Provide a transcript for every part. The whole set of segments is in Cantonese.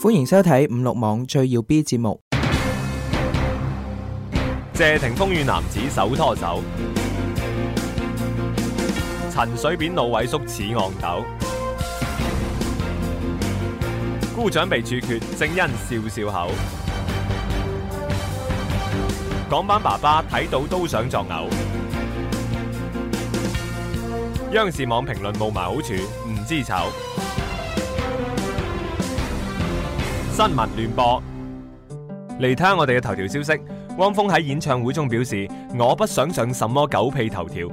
歡迎收睇五六網最耀 B 節目。謝霆鋒與男子手拖手，陳水扁腦萎縮似戇豆，姑丈被處決正恩笑笑口，港版爸爸睇到都想作嘔，央視網評論霧霾好處唔知醜。新聞聯播嚟睇下，來看我哋嘅頭條消息。汪峰喺演唱會中表示，我不想上什麼狗屁頭條。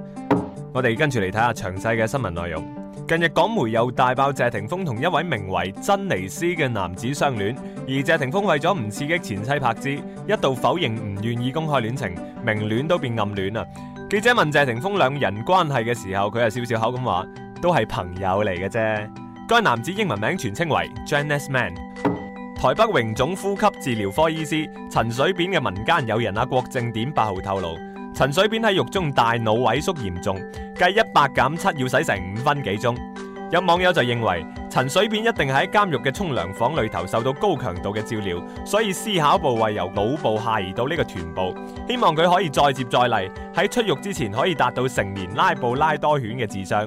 我哋跟住嚟睇下詳細嘅新聞內容。近日港媒又大爆謝霆鋒同一位名為珍妮斯嘅男子相戀，而謝霆鋒為咗唔刺激前妻柏芝，一度否認唔願意公開戀情，明戀都變暗戀啊！記者問謝霆鋒兩人關係嘅時候，佢係笑笑口咁話，都係朋友嚟嘅啫。該男子英文名全稱為 Janice Man。台北榮總呼吸治療科醫師陳水扁嘅民間友人阿、啊、郭正典八號透露，陳水扁喺獄中大腦萎縮嚴重，計一百減七要洗成五分幾鐘。有網友就認為陳水扁一定喺監獄嘅沖涼房裏頭受到高強度嘅照料，所以思考部位由腦部下移到呢個臀部。希望佢可以再接再厲，喺出獄之前可以達到成年拉布拉多犬嘅智商。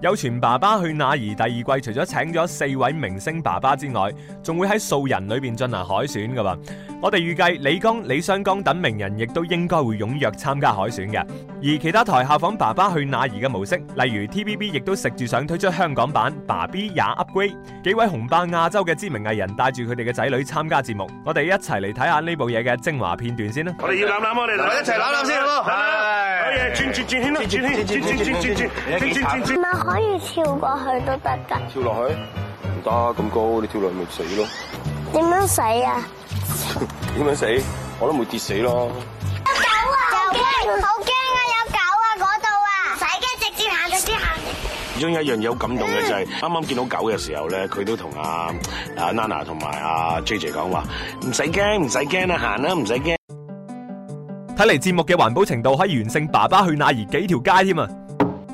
有《傳爸爸去哪兒》第二季，除咗請咗四位明星爸爸之外，仲會喺素人裏邊進行海選噶噃。我哋預計李剛、李雙江等名人亦都應該會踴躍參加海選嘅。而其他台效仿《爸爸去哪兒》嘅模式，例如 TVB 亦都食住想推出香港版《爸 B 也 upgrade》，幾位紅霸亞洲嘅知名藝人帶住佢哋嘅仔女參加節目。我哋一齊嚟睇下呢部嘢嘅精華片段先啦！我哋要攬攬我哋，我哋一齊攬攬先好唔好？轉轉轉轉轉轉轉轉轉轉轉轉轉轉。可以跳過去都得噶，跳落去唔得咁高，你跳落去咪死咯？點樣死啊？點樣死？我都冇跌死咯。有狗啊！好驚，好驚啊！有狗啊！嗰度啊！唔使驚，直接行就直接行。其中一樣嘢好感動嘅就係，啱啱見到狗嘅時候咧，佢都同阿阿 Nana 同埋阿 J J 講話，唔使驚，唔使驚啊，行啦，唔使驚。睇嚟節目嘅環保程度，可以完勝《爸爸去哪兒》幾條街添啊！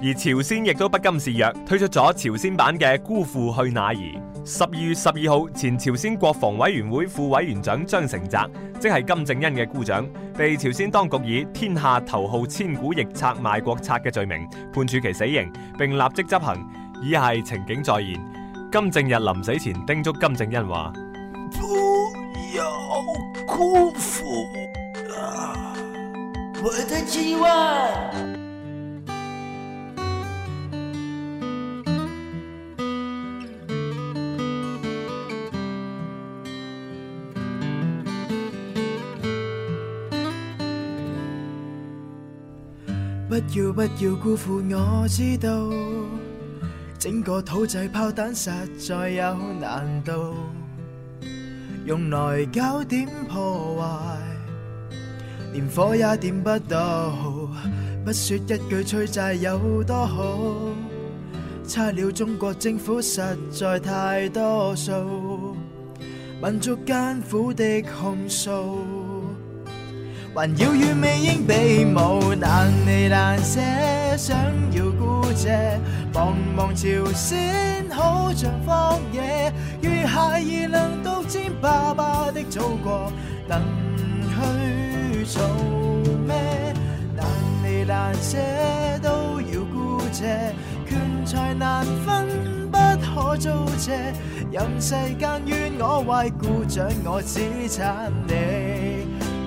而朝鮮亦都不甘示弱，推出咗朝鮮版嘅《姑父去哪兒》。十二月十二號，前朝鮮國防委員會副委員長張成澤，即係金正恩嘅姑丈，被朝鮮當局以天下頭號千古逆賊、賣國賊嘅罪名，判處其死刑並立即執行，以下係情景再現。金正日臨死前叮囑金正恩話：不要辜負啊，我的期望。不要不要辜負我知道，整個土製炮彈實在有難度，用來搞點破壞，連火也點不到。不說一句催債有多好，差了中國政府實在太多數，民族艱苦的控訴。還要與美英比武，難離難捨，想要姑且，茫茫朝鮮好像荒野。如孩兒能都瞻爸爸的祖國，能去做咩？難離難捨，都要姑且，權財難分，不可租借。任世間怨我壞，故障我只撐你。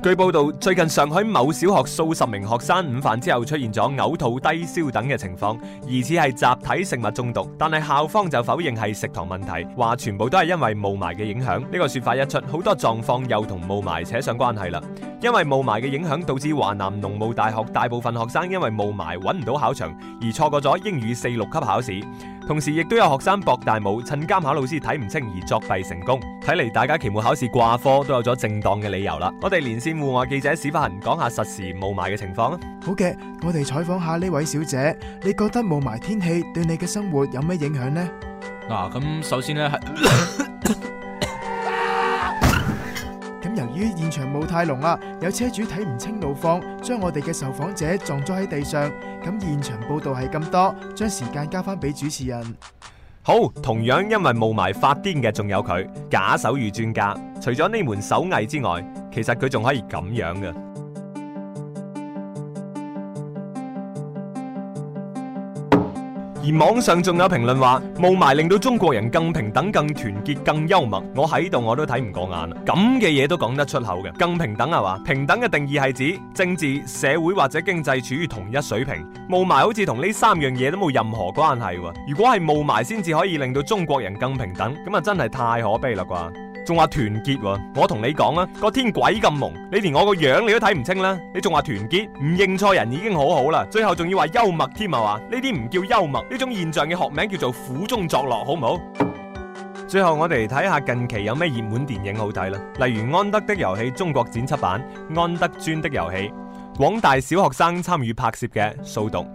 據報道，最近上海某小學數十名學生午飯之後出現咗嘔吐、低燒等嘅情況，疑似係集體食物中毒。但係校方就否認係食堂問題，話全部都係因為霧霾嘅影響。呢個說法一出，好多狀況又同霧霾扯上關係啦。因為霧霾嘅影響，導致華南農務大學大部分學生因為霧霾揾唔到考場，而錯過咗英語四六級考試。同時，亦都有學生博大霧，趁監考老師睇唔清而作弊成功。睇嚟，大家期末考試掛科都有咗正當嘅理由啦。我哋連線戶外記者史行講下實時霧霾嘅情況啊。好嘅，我哋採訪一下呢位小姐，你覺得霧霾天氣對你嘅生活有咩影響呢？嗱、啊，咁首先呢。是 於現場霧太濃啦，有車主睇唔清路況，將我哋嘅受訪者撞咗喺地上。咁現場報道係咁多，將時間交翻俾主持人。好，同樣因為霧霾發癲嘅仲有佢，假手語專家。除咗呢門手藝之外，其實佢仲可以咁樣嘅。而網上仲有評論話霧霾令到中國人更平等、更團結、更幽默，我喺度我都睇唔過眼，咁嘅嘢都講得出口嘅，更平等係嘛？平等嘅定義係指政治、社會或者經濟處於同一水平。霧霾好似同呢三樣嘢都冇任何關係喎。如果係霧霾先至可以令到中國人更平等，咁啊真係太可悲啦啩！仲話團結喎，啊，我同你講啊，個天鬼咁蒙，你連我個樣你都睇唔清啦，啊。你仲話團結，唔認錯人已經好好啦，最後仲要話幽默添啊？話呢啲唔叫幽默，呢種現象嘅學名叫做苦中作樂，好唔好？最後我哋睇下近期有咩熱門電影好睇啦，啊，例如《安德的遊戲》中國剪輯版，《安德尊的遊戲》，廣大小學生參與拍攝嘅《掃毒》，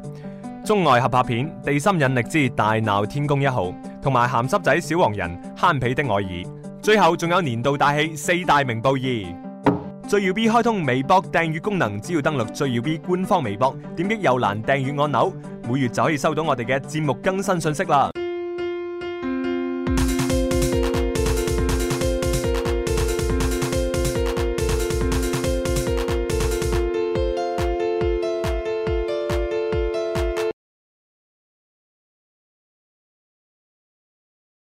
中外合拍片《地心引力之大鬧天宮一號》，同埋《咸濕仔小黃人》《慳皮的愛兒》。最後仲有年度大戲四大名捕二。最耀 B 開通微博訂閱功能，只要登錄最耀 B 官方微博，點擊右欄訂閱按鈕，每月就可以收到我哋嘅節目更新信息啦。